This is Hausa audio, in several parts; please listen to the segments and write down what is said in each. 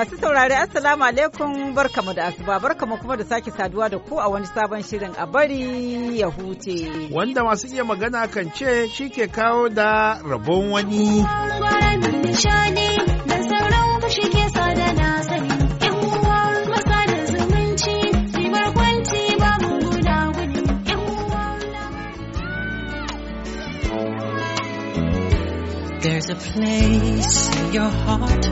Masu saurari Assalamu alaikum barkamu da asuba barkamu kuma da sake saduwa da ku a wani sabon shirin a bari ya huce. Wanda masu iya magana kan ce shi ke kawo da rabon wani. There's a place in your heart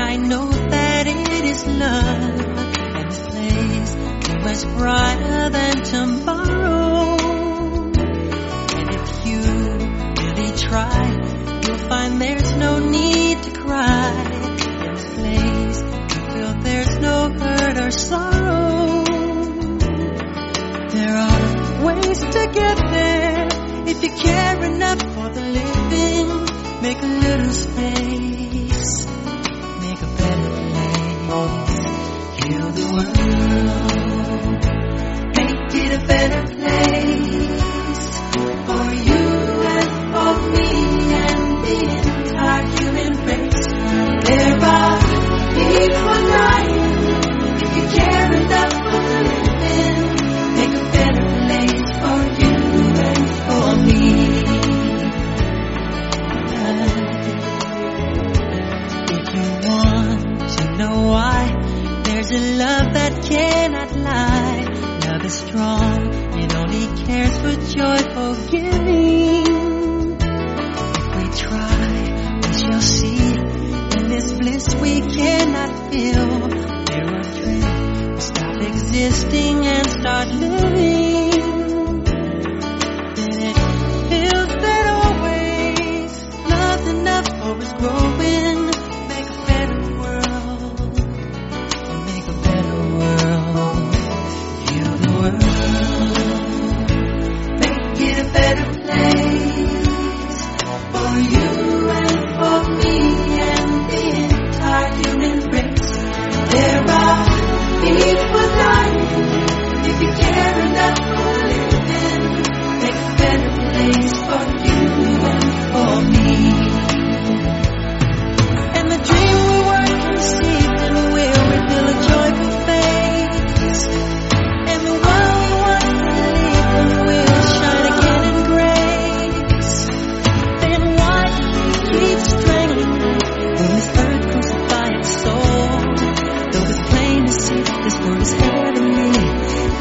I know that it is love and a place so much brighter than tomorrow. And if you really try, you'll find there's no need to cry. In a place, you feel there's no hurt or sorrow. There are ways to get there if you care enough for the living. Make a little space.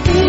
Be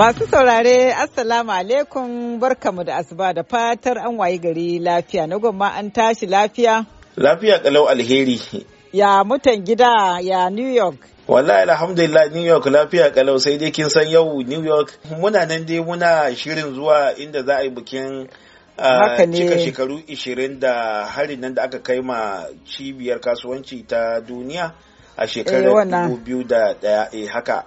Masu saurare, Assalamu alaikum barkamu da asuba da fatar an wayi gari lafiya na gwamma an tashi lafiya. Lafiya kalau alheri. Ya mutan gida ya New York. Wallahi alhamdulillah New York lafiya kalau sai dai kin san yau New York muna nan dai muna shirin zuwa inda za a yi bikin ah, cika shekaru 20 da harin nan da aka kai ma cibiyar kasuwanci ta duniya a shekarar 2001 eh, eh, haka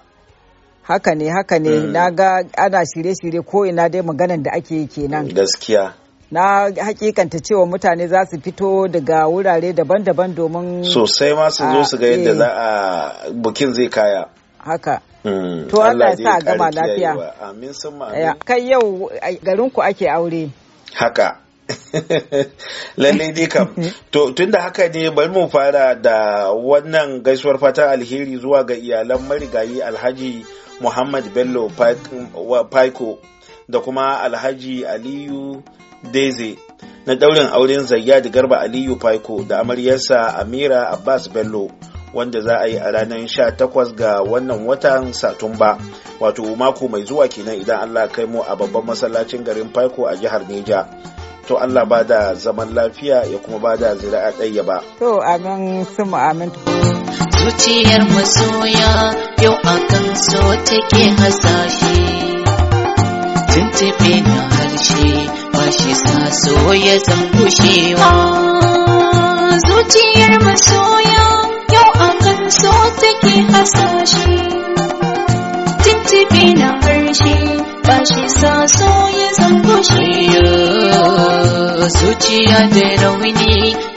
haka ne haka ne mm. na ga ana shirye-shirye ko ina dai maganan da ake yi kenan gaskiya na hakikanta cewa mutane za su fito daga wurare daban-daban domin sosai ma su zo su ga yadda eh. za a bukin zai kaya haka mm. to Allah ya sa gama lafiya amin sun kai yau garinku ake aure haka lallai dai kam to tunda haka ne bari mu fara da wannan gaisuwar fatan alheri zuwa ga iyalan marigayi alhaji muhammad bello paiko da kuma alhaji aliyu deze na daurin auren zayyad garba aliyu paiko da amaryarsa amira abbas bello wanda za a yi a ranar 18 ga wannan watan satumba wato mako mai zuwa kenan idan allah kai mu a babban masallacin garin paiko a jihar neja to allah ba da zaman lafiya ya kuma ba da zira'a ɗayya ba to amin su amin zuciyar masoya yau akan so take hasashe tuntube na harshe ba shi sa so ya zan gushewa zuciyar masoya yau akan so take hasashe tuntube na harshe ba shi sa so ya zan gushewa zuciya da rauni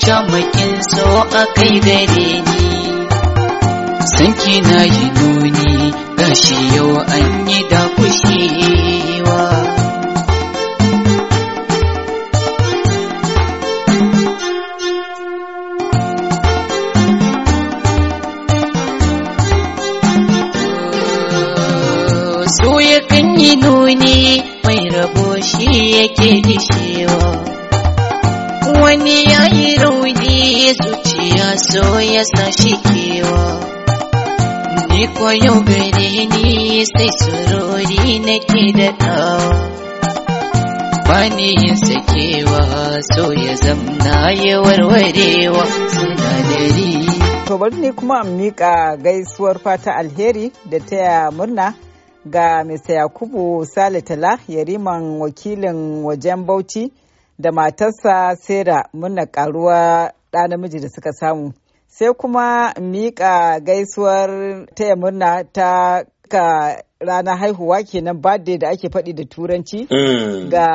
shamakin so a kai gare ni sanki na yi nuni gashi yau an yi da kushewa so ya kan yi nuni mai rabo shi yake dishewa wani ya yi rauni zuciya so ya sa shi kewa Ni koyo gare ni sai surori nake da ɗawa. bani yin sakewa so ya zamna ya warwarewa sinadari. To bari ne kuma in miƙa gaisuwar fata alheri da taya murna ga Mr. Yakubu Salitala yariman wakilin wajen Bauchi da matarsa Sera murna karuwa ɗa namiji da suka samu. sai kuma miƙa gaisuwar taya murna ta ka ranar haihuwa kenan birthday da ake faɗi da turanci mm. ga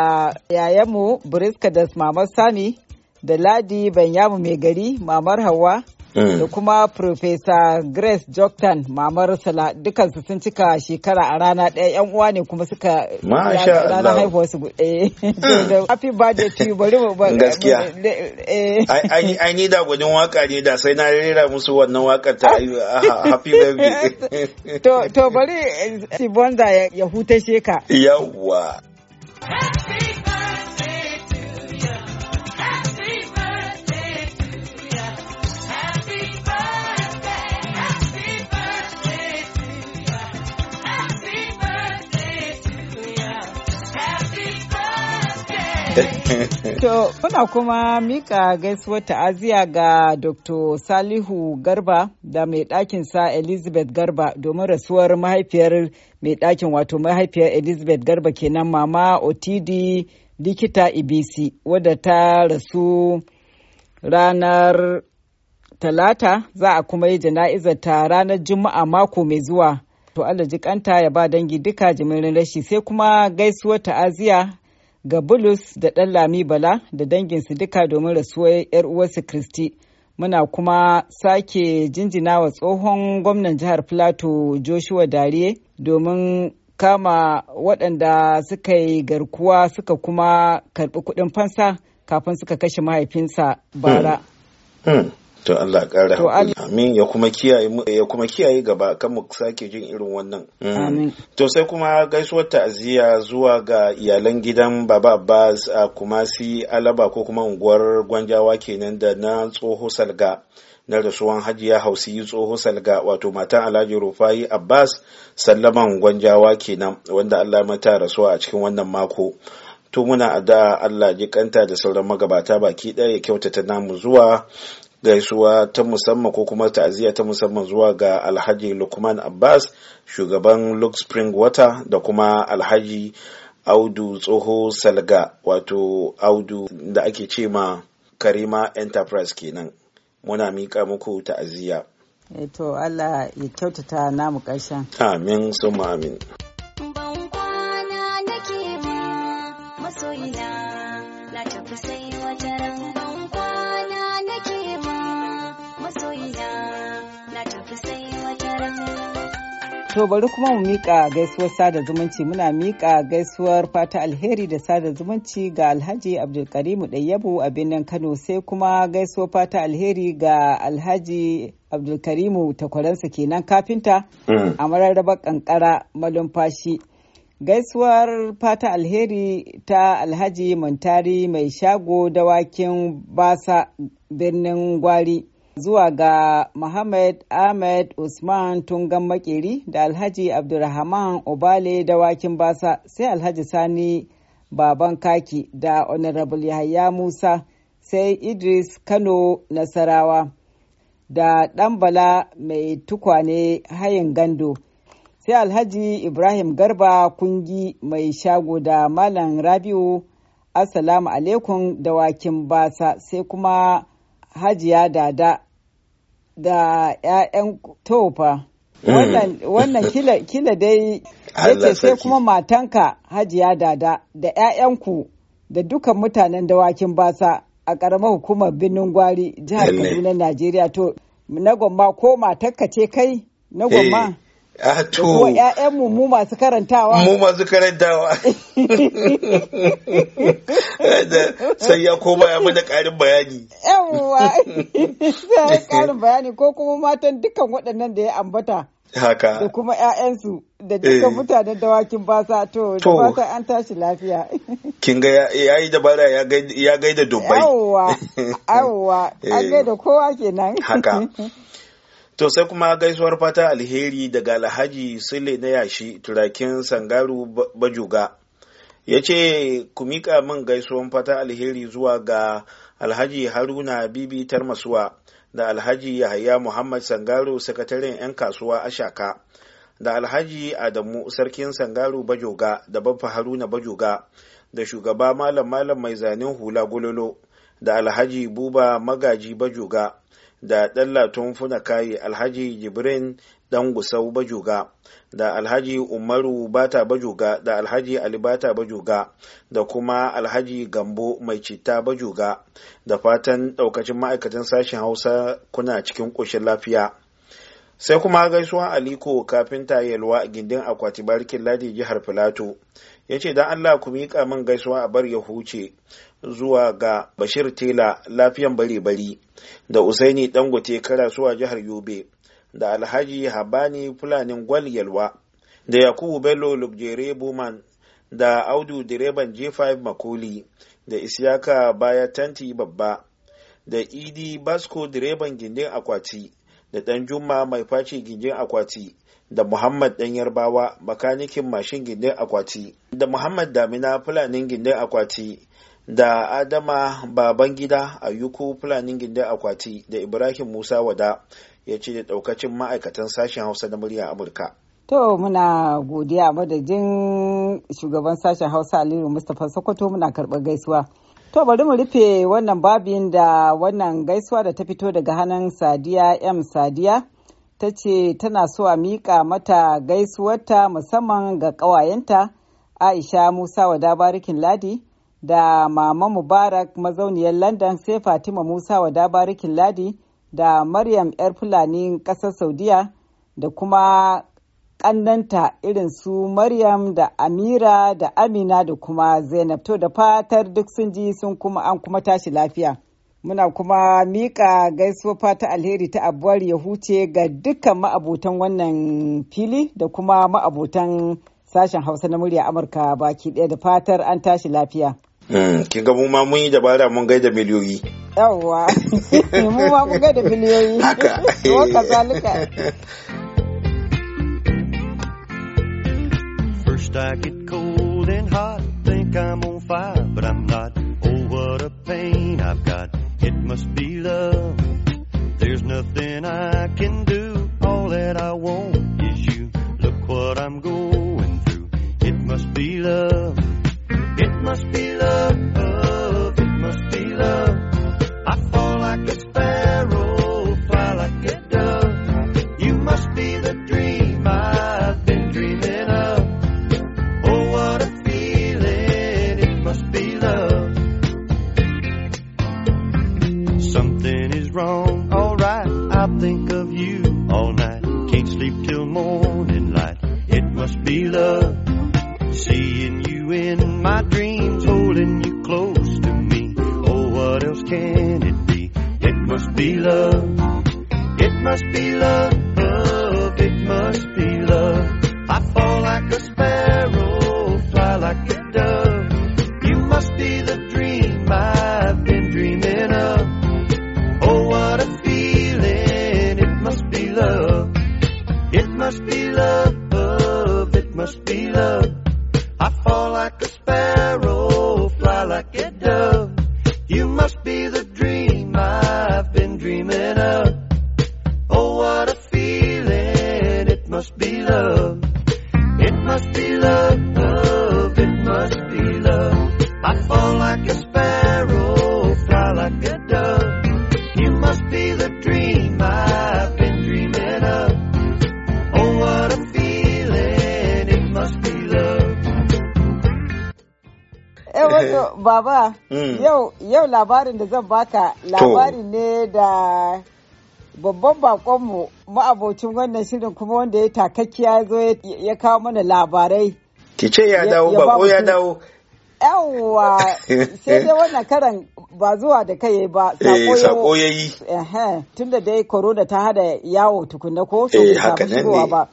yayanmu briska da mamar sami da ladi banyamu mai gari mamar hawa Mm. da kuma Profesa Grace Joktan Mamar Sala dukansu sun cika shekara a rana ɗaya yan uwa ne kuma suka rana haifu wasu guɗe. Happy birthday to you bari mu gaskiya. Eh. Ai ni da gudun waka ne da sai na rera musu wannan wakar ta happy birthday. To bari eh, Sibonza ya hutashe ka. Yawwa. To, muna kuma mika gaisuwar ta'aziyya ga Dr. Salihu Garba da mai sa Elizabeth Garba domin rasuwar mahaifiyar mai ɗakin wato mahaifiyar Elizabeth Garba kenan mama Otidi likita IBC e wadda ta rasu ranar Talata za a kuma yi jana'izar ta ranar Juma'a mako mai zuwa. To Allah kanta ya ba dangi duka jimirin rashi sai kuma gaisuwar ta'aziyya ga Bulus da ɗan Lami Bala da danginsu duka domin rasuwar 'yar uwarsu Kristi. Muna kuma sake jinjina wa tsohon gwamnan jihar Filato Joshua Dariye domin kama waɗanda suka yi garkuwa suka kuma karɓi kuɗin fansa kafin suka kashe mahaifinsa bara. Hmm. Hmm. To Allah ƙara Amin ya kuma kiyaye ya kuma kiyaye gaba kan mu sake jin irin wannan. Mm. Amin. To sai kuma gaisuwar ta'aziyya zuwa ga iyalan gidan Baba Abbas a Kumasi Alaba ko kuma unguwar Gwanjawa kenan da na tsoho Salga. na rasuwan hajiya hausi tsoho salga wato matan alhaji rufayi abbas sallaman gwanjawa kenan wanda allah mata rasuwa a cikin wannan mako to muna da allah ji kanta da sauran magabata baki ɗaya ya kyautata namu zuwa gaisuwa ta musamman ko kuma ta'aziyya ta musamman zuwa ga alhaji lukman abbas shugaban luke spring water da kuma alhaji audu tsoho salga wato audu da ake ce ma karima enterprise kenan muna mika muku ta'aziyya eh to allah ya kyautata namu ƙarshen amin sun amin To bari kuma mu mika gaisuwar sada zumunci muna mika gaisuwar fata alheri da sada zumunci ga Alhaji Abdulkarimu Ɗayyabu a birnin Kano sai kuma gaisuwar fata alheri ga Alhaji Abdulkarimu takwaransa kenan kafinta mm. a mararrabar kankara malumfashi. Gaisuwar fata alheri ta Alhaji Muntari mai shago dawakin basa birnin gwari. zuwa ga Muhammad Ahmed Usman Tungan Makeri da Alhaji Abdulrahman Obale dawakin basa sai Alhaji Sani Baban Kaki da Honorable Yahaya Musa sai Idris Kano Nasarawa da Ɗanbala mai tukwane hayin gando. Sai Alhaji Ibrahim Garba kungi mai shago da Malam Rabiu Assalamu alaikum da dawakin basa sai kuma hajiya dada da 'ya'yan tofa mm. wannan kila dai yace sai kuma matanka hajiya dada da 'ya'yanku da dukan mutanen dawakin basa a ƙaramar hukumar birnin gwari jihar kaduna najeriya to na gwamma ko matarka ce kai na gwamma eh. Ah, to ƴaƴanmu mu masu karantawa mu masu karantawa sai ya koma ya mada ƙarin bayani yawwa sai ƙarin bayani ko kuma matan dukkan waɗannan da ya ambata haka da kuma ƴaƴansu da dukkan eh. mutanen dawakin basa to da basa an tashi lafiya kin ga ya yi dabara ya gaida dubai yawwa yawwa an eh. gaida kowa kenan haka To sai kuma gaisuwar fata alheri daga Alhaji Sule na yashi turakin Sangaru Bajuga. Ya ce, Ku miƙa min gaisuwan fata alheri zuwa ga Alhaji Haruna Bibi Tarmasuwa da Alhaji Yahaya Muhammad Sangaru sakataren 'yan kasuwa Ashaka. da alhaji adamu sarkin sangaru bajoga da babba haruna bajoga da shugaba malam malam mai zanen hula gololo da alhaji buba magaji bajoga da ɗallatun funakayi alhaji jibrin dan gusau bajuga da alhaji umaru bata bajuga da alhaji ali bata bajuga da kuma alhaji gambo mai citta bajuga da fatan ɗaukacin ma'aikatan sashen hausa kuna cikin ƙoshin lafiya sai kuma gaisuwa aliko kafin tayelwa gindin akwati barikin ladi jihar filato ya ce don allah ku miƙa min gaisuwa a bar ya huce zuwa ga bashir tela lafiyan bare bari da usaini dangote zuwa jihar yobe da alhaji habani fulanin gwal yalwa da yakubu bello lubjere buman da audu direban j5 makoli da isyaka baya tanti babba da idi basco direban gindin akwati da danjuma mai face gindin akwati da Muhammad ɗan Yarbawa makanikin mashin gindin akwati, da Muhammad Damina Fulanin gindin akwati, da Adama baban Babangida ayyuku Fulanin gindin akwati, da Ibrahim Musa Wada ya ce da ɗaukacin ma'aikatan sashen Hausa na murya Amurka. To muna godiya madadin shugaban sashen Hausa Aliyu Mustapha Sokoto muna karɓar gaisuwa. To bari mu rufe wannan babin da wannan gaisuwa da ta fito daga hannun Sadiya M Sadiya ta ce tana so a miƙa mata gaisuwarta musamman ga ƙawayenta aisha musa wa dabarikin ladi da mama mubarak mazauniyar london sai fatima musa wa dabarikin ladi da maryam yar fulani ƙasar saudiya da kuma ƙannanta irin su maryam da amira da amina da kuma zainab to da fatar duk sun ji sun kuma an kuma tashi lafiya. Muna kuma mika gaisuwa ta alheri ta abuwar ya huce ga dukkan ma'abotan wannan fili da kuma ma'abotan sashen Hausa na murya Amurka baki ɗaya da fatar an tashi lafiya. Hmm, kin ga mu ma mun yi dabara mun gaida miliyoyi. Yawwa, mu ma mun gaida miliyoyi. Haka. zalika. First I get cold and hot, think I'm on fire, but I'm must be love. There's nothing I can do. All that I want is you. Look what I'm going through. It must be love. It must be love. like a spell. labarin da zan baka labarin ne da babban bakonmu ma'abocin wannan shirin kuma wanda ya ya zo ya kawo mana labarai. Ki ce ya dawo bako ya dawo. Yawwa sai dai wannan karan ba zuwa da kai ba sako eh, ya yi. Tun da dai korona ta hada yawo tukunna ko so eh, ba zuwa mm. ba.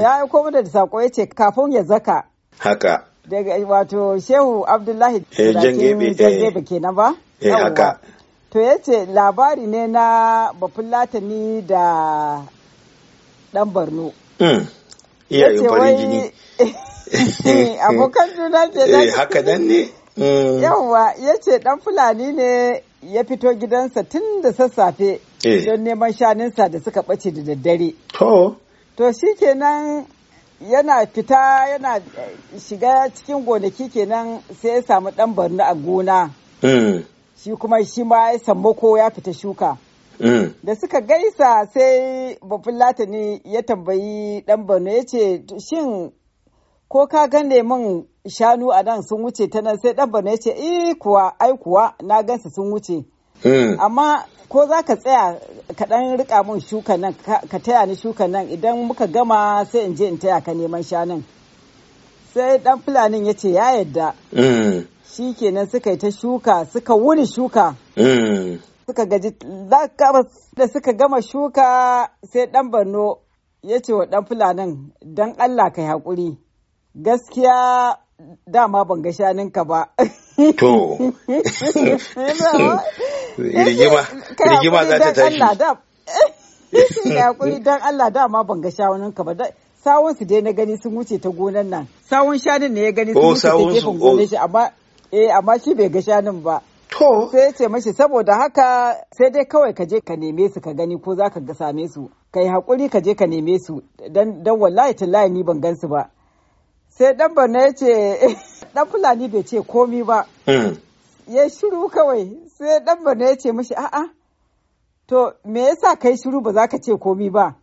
Ya yi mana da sako ya ce kafin ya zaka. Haka. Daga wato Shehu Abdullahi. Eh, Jangebe kenan ba. eh haka to yace labari ne na bafulatani da dan mm. iyayen farin jini abokan juna ce eh haka dan ne mm. yawwa yace dan fulani ne ya fito gidansa tun da sassafe eh. don neman shanunsa da suka bace da daddare. To. To shi kenan yana fita yana eh, shiga cikin gonaki kenan sai ya samu ɗan barno a gona. Mm. shi kuma shi ma ya sammako ya fita shuka mm. da suka gaisa sai babban latani ya tambayi dan Borno ya ce shin ko ka gane min shanu a nan sun wuce ta nan sai dan Borno ya ce eh kuwa ai kuwa na gansa sun wuce mm. amma ko za ka tsaya ka dan rika min shuka nan ka taya ni shuka nan idan muka gama sai in je in taya ka neman shanun sai dan fulanin ya ce ya yadda mm. shi kenan suka yi ta shuka suka wuni shuka mm. suka gaji da suka gama shuka sai dan barno ya ce wa dan fulanin dan allah ka haƙuri gaskiya dama ban ga shaninka ba to rigima za ta tashi hakuri don Allah dama ban ga shaninka ba sawun su dai na gani sun wuce ta gonan nan sawun shanin ne ya gani sun oh, wuce ta gefen gonan oh. shi amma eh amma shi bai ga shanun ba To. Sai ya ce mashi saboda haka sai dai kawai ka je ka neme su ka gani ko za ka ga same su. Ka yi ka je ka neme su don wallahi tallahi ni ban gansu ba. Sai dan barna ya ce dan Fulani bai ce komi ba. Hmm. Ya shiru kawai sai dan barna ya ce mashi a'a. To me yasa kai shiru ba za ka ce komi ba?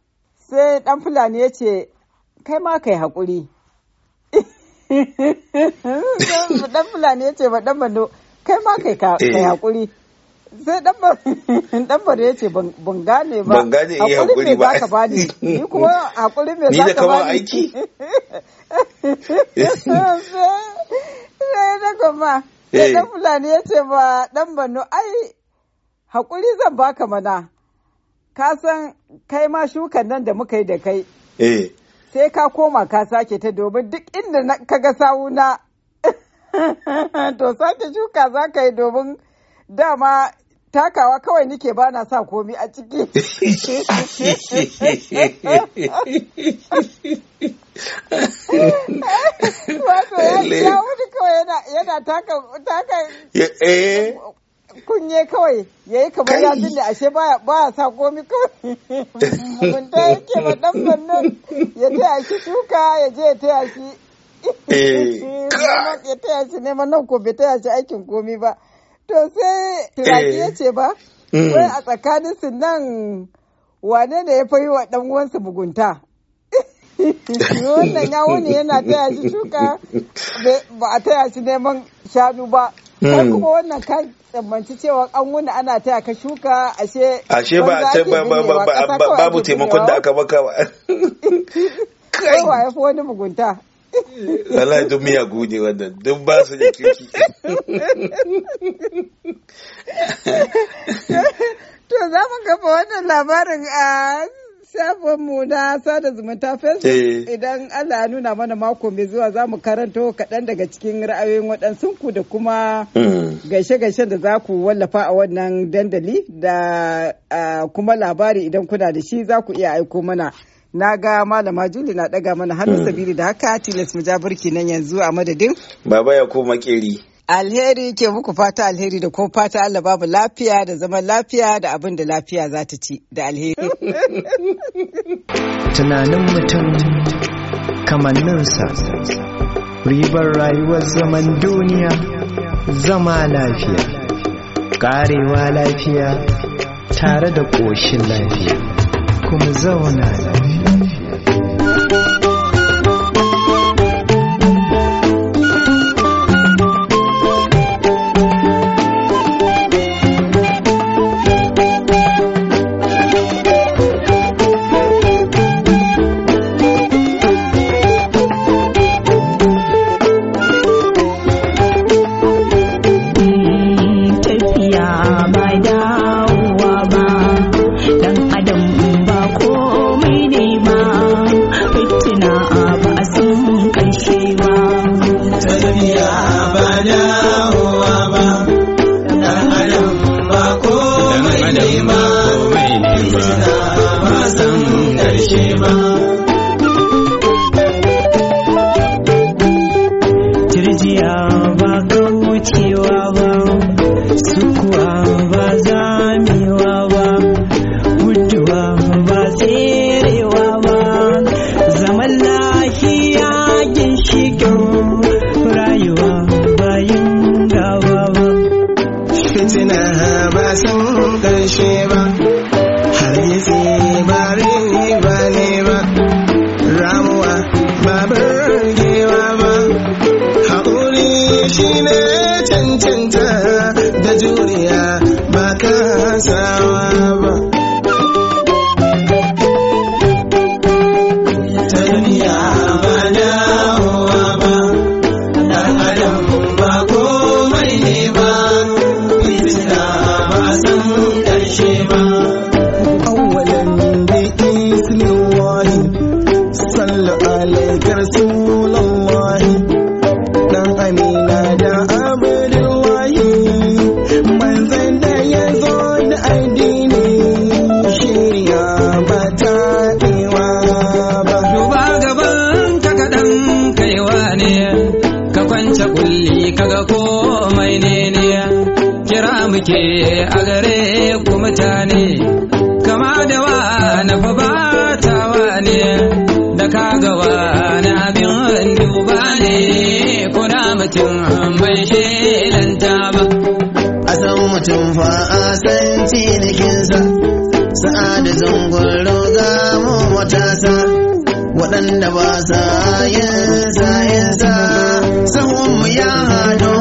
Sai dan Fulani ya ce kai ma kai hakuri. Dan Fulani ya ce ba dan Bando kai ma kai ka eh. hakuri. Sai dan Bando ya ce ban gane ba. Ban gane eh, hakuri ba. me zaka bani? Ni kuma hakuri me zaka bani? Ni da kawai aiki. Sai na kuma. Sai eh. dan Fulani ya ce ba dan Bando ai hakuri zan baka mana. Ka san kai ma shukan nan da muka yi da kai. Eh. sai ka koma ka sake ta domin duk inda ka ga sawuna to sake shuka za ka yi domin dama takawa kawai nike ba na sa komi a ciki. Wato ya wuce kawai yana taka eh. kunye kawai ya yi kamar ya ne ashe ba ya sa komi kawai ya yake ba dan bannan ya taya shi shuka ya je ya taya shi eh, ya taya shi neman nan ko bai taya shi aikin komi ba to sai tiraki eh. ya ce ba hmm. wai a tsakanin su nan wane ne ya fayi wa dan uwansa mugunta wannan ya wuni yana taya shi shuka ba a taya shi neman shanu ba hmm. kuma wannan tsammanci cewa an wuna ana taya ka shuka ashe ashe ba babu taimakon da aka baka ba kai wa yafi wani mugunta wallahi duk miya gune wannan duk ba su da kirki to za mu gaba wannan labarin a mu na sada zumunta facebook eh. idan Allah ya nuna mana mako mai zuwa za mu karanto kaɗan daga cikin ra'ayoyin waɗansunku da kuma hmm. gaishe-gaishen da za ku wallafa a wannan dandali da kuma labari idan kuna da shi za ku iya aiko mana. na ga malama juli na ɗaga mana hannu hmm. sabili da haka tilas mu ja nan yanzu a madadin baba ya koma makeri Alheri ke muku fata alheri da kuma fata Allah babu lafiya da zaman lafiya da abin da lafiya za ta ci da alheri. Tunanin mutum kamanninsa ribar rayuwar zaman duniya zama lafiya, karewa lafiya tare da ƙoshin lafiya, kuma zauna lafiya. muke a gare ku mutane kama da wa na fa batawa ne da ka gawa na abin duba ne kuna mutum bai shelanta ba a san mutum fa a san cinikinsa da zangon roga mu matasa waɗanda ba sa yin sa yin sa sahun mu ya hado